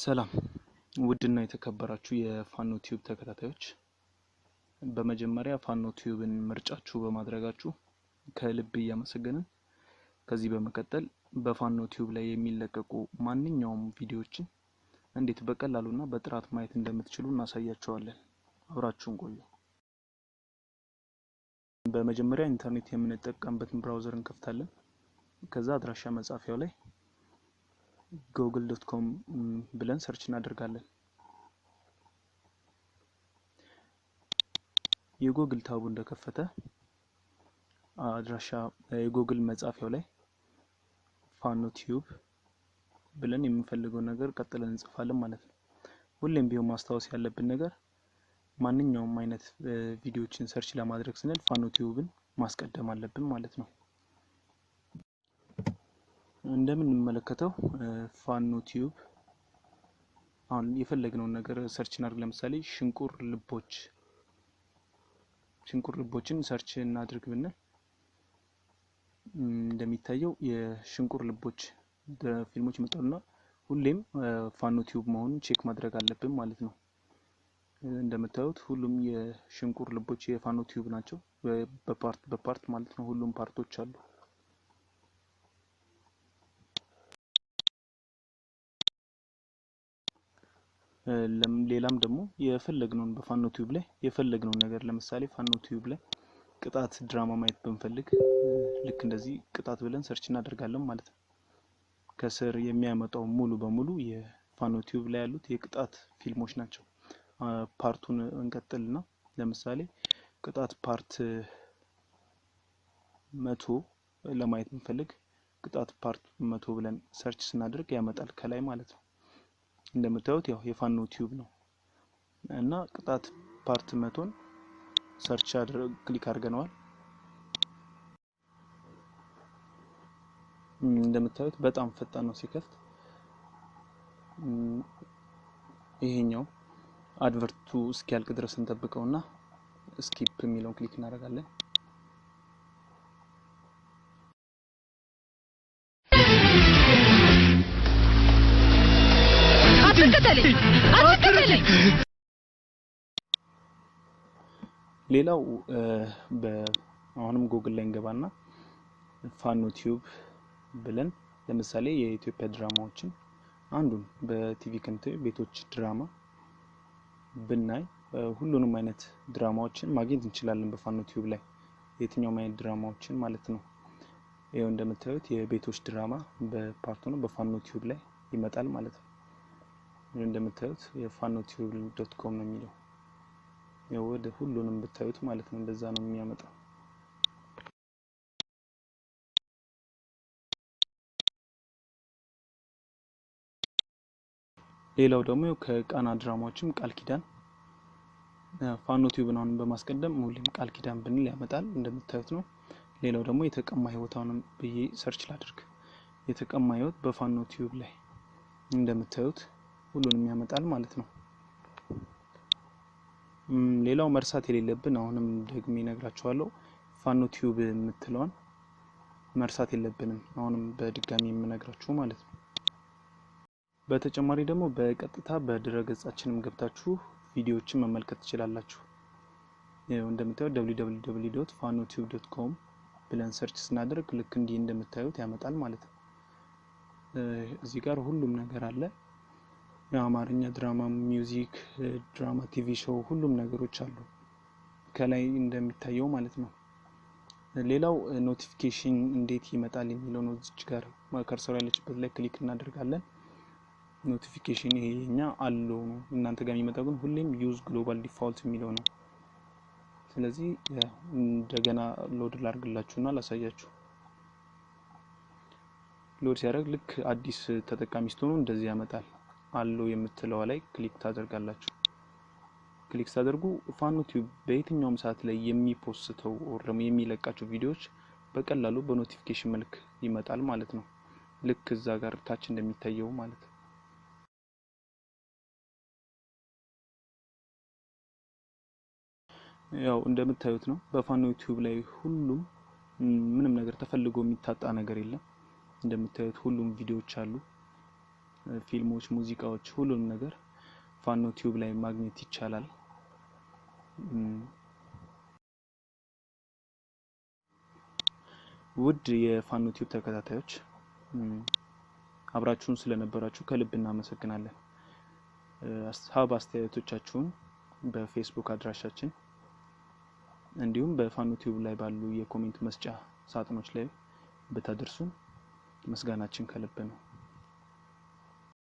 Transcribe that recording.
ሰላም ውድና የተከበራችሁ የፋኖ ቲዩብ ተከታታዮች፣ በመጀመሪያ ፋኖ ቲዩብን ምርጫችሁ በማድረጋችሁ ከልብ እያመሰገንን ከዚህ በመቀጠል በፋኖ ቲዩብ ላይ የሚለቀቁ ማንኛውም ቪዲዮዎችን እንዴት በቀላሉና በጥራት ማየት እንደምትችሉ እናሳያቸዋለን። አብራችሁን ቆዩ። በመጀመሪያ ኢንተርኔት የምንጠቀምበትን ብራውዘር እንከፍታለን። ከዛ አድራሻ መጻፊያው ላይ ጎግል ዶት ኮም ብለን ሰርች እናደርጋለን። የጎግል ታቡ እንደከፈተ አድራሻ የጎግል መጻፊያው ላይ ፋኖ ቲዩብ ብለን የምንፈልገው ነገር ቀጥለን እንጽፋለን ማለት ነው። ሁሌም ቢሆን ማስታወስ ያለብን ነገር ማንኛውም አይነት ቪዲዮዎችን ሰርች ለማድረግ ስንል ፋኖ ቲዩብን ማስቀደም አለብን ማለት ነው። እንደምንመለከተው ፋኖ ቲዩብ አሁን የፈለግነውን ነገር ሰርች እናድርግ። ለምሳሌ ሽንቁር ልቦች ሽንቁር ልቦችን ሰርች እናድርግ ብንል እንደሚታየው የሽንቁር ልቦች ፊልሞች ይመጣሉና ሁሌም ፋኖ ቲዩብ መሆኑን ቼክ ማድረግ አለብን ማለት ነው። እንደምታዩት ሁሉም የሽንቁር ልቦች የፋኖ ቲዩብ ናቸው። በፓርት በፓርት ማለት ነው። ሁሉም ፓርቶች አሉ። ሌላም ደግሞ የፈለግነውን በፋኖ ቲዩብ ላይ የፈለግነውን ነገር ለምሳሌ ፋኖ ቲዩብ ላይ ቅጣት ድራማ ማየት ብንፈልግ ልክ እንደዚህ ቅጣት ብለን ሰርች እናደርጋለን ማለት ነው። ከስር የሚያመጣው ሙሉ በሙሉ የፋኖ ቲዩብ ላይ ያሉት የቅጣት ፊልሞች ናቸው። ፓርቱን እንቀጥልና ለምሳሌ ቅጣት ፓርት መቶ ለማየት ብንፈልግ ቅጣት ፓርት መቶ ብለን ሰርች ስናደርግ ያመጣል ከላይ ማለት ነው። እንደምታዩት ያው የፋኖ ቲዩብ ነው እና ቅጣት ፓርት መቶን ሰርች አድርገን ክሊክ አድርገነዋል። እንደምታዩት በጣም ፈጣን ነው ሲከፍት። ይሄኛው አድቨርቱ እስኪያልቅ ድረስ እንጠብቀውና ስኪፕ የሚለውን ክሊክ እናደርጋለን። ሌላው አሁንም ጉግል ላይ እንገባና ፋኖ ቲዩብ ብለን ለምሳሌ የኢትዮጵያ ድራማዎችን አንዱን በቲቪ ክንት ቤቶች ድራማ ብናይ ሁሉንም አይነት ድራማዎችን ማግኘት እንችላለን በፋኖ ቲዩብ ላይ የትኛውም አይነት ድራማዎችን ማለት ነው። ይኸው እንደምታዩት የቤቶች ድራማ በፓርቱ ነው በፋኖ ቲዩብ ላይ ይመጣል ማለት ነው። እንደምታዩት የፋኖ ቲዩብ ዶት ኮም ነው የሚለው ወደ ሁሉንም ብታዩት ማለት ነው እንደዛ ነው የሚያመጣው። ሌላው ደግሞ ከቃና ድራማዎችም ቃል ኪዳን ፋኖ ቲዩብን አሁን በማስቀደም ሁሌም ቃል ኪዳን ብንል ያመጣል እንደምታዩት ነው። ሌላው ደግሞ የተቀማ ህይወት ብዬ ሰርች ላድርግ። የተቀማ ህይወት በፋኖ ቲዩብ ላይ እንደምታዩት ሁሉንም ያመጣል ማለት ነው። ሌላው መርሳት የሌለብን አሁንም ደግሜ እነግራችኋለሁ ፋኖ ቲዩብ የምትለዋን መርሳት የለብንም። አሁንም በድጋሚ የምነግራችሁ ማለት ነው። በተጨማሪ ደግሞ በቀጥታ በድረ ገጻችንም ገብታችሁ ቪዲዮዎችን መመልከት ትችላላችሁ። እንደምታዩት www ፋኖ ቲዩብ ዶት ኮም ብለን ሰርች ስናደርግ ልክ እንዲህ እንደምታዩት ያመጣል ማለት ነው። እዚህ ጋር ሁሉም ነገር አለ። የአማርኛ ድራማ፣ ሚውዚክ፣ ድራማ፣ ቲቪ ሾው ሁሉም ነገሮች አሉ ከላይ እንደሚታየው ማለት ነው። ሌላው ኖቲፊኬሽን እንዴት ይመጣል የሚለው ነው። እዚች ጋር ከርሰሩ ያለችበት ላይ ክሊክ እናደርጋለን። ኖቲፊኬሽን ይሄ የኛ አለው ነው። እናንተ ጋር የሚመጣው ግን ሁሌም ዩዝ ግሎባል ዲፋልት የሚለው ነው። ስለዚህ እንደገና ሎድ ላርግላችሁና ላሳያችሁ። ሎድ ሲያደርግ ልክ አዲስ ተጠቃሚ ስትሆኑ እንደዚህ ያመጣል። አለው የምትለዋ ላይ ክሊክ ታደርጋላችሁ። ክሊክ ስታደርጉ ፋኖ ቲዩብ በየትኛውም ሰዓት ላይ የሚፖስተው ወር ደግሞ የሚለቃቸው ቪዲዮዎች በቀላሉ በኖቲፊኬሽን መልክ ይመጣል ማለት ነው። ልክ እዛ ጋር ታች እንደሚታየው ማለት ነው። ያው እንደምታዩት ነው። በፋኖ ዩቲዩብ ላይ ሁሉም ምንም ነገር ተፈልጎ የሚታጣ ነገር የለም። እንደምታዩት ሁሉም ቪዲዮዎች አሉ። ፊልሞች፣ ሙዚቃዎች፣ ሁሉንም ነገር ፋኖ ቲዩብ ላይ ማግኘት ይቻላል። ውድ የፋኖ ቲዩብ ተከታታዮች አብራችሁን ስለነበራችሁ ከልብ እናመሰግናለን። ሀብ አስተያየቶቻችሁን በፌስቡክ አድራሻችን እንዲሁም በፋኖ ቲዩብ ላይ ባሉ የኮሜንት መስጫ ሳጥኖች ላይ ብታደርሱን ምስጋናችን ከልብ ነው።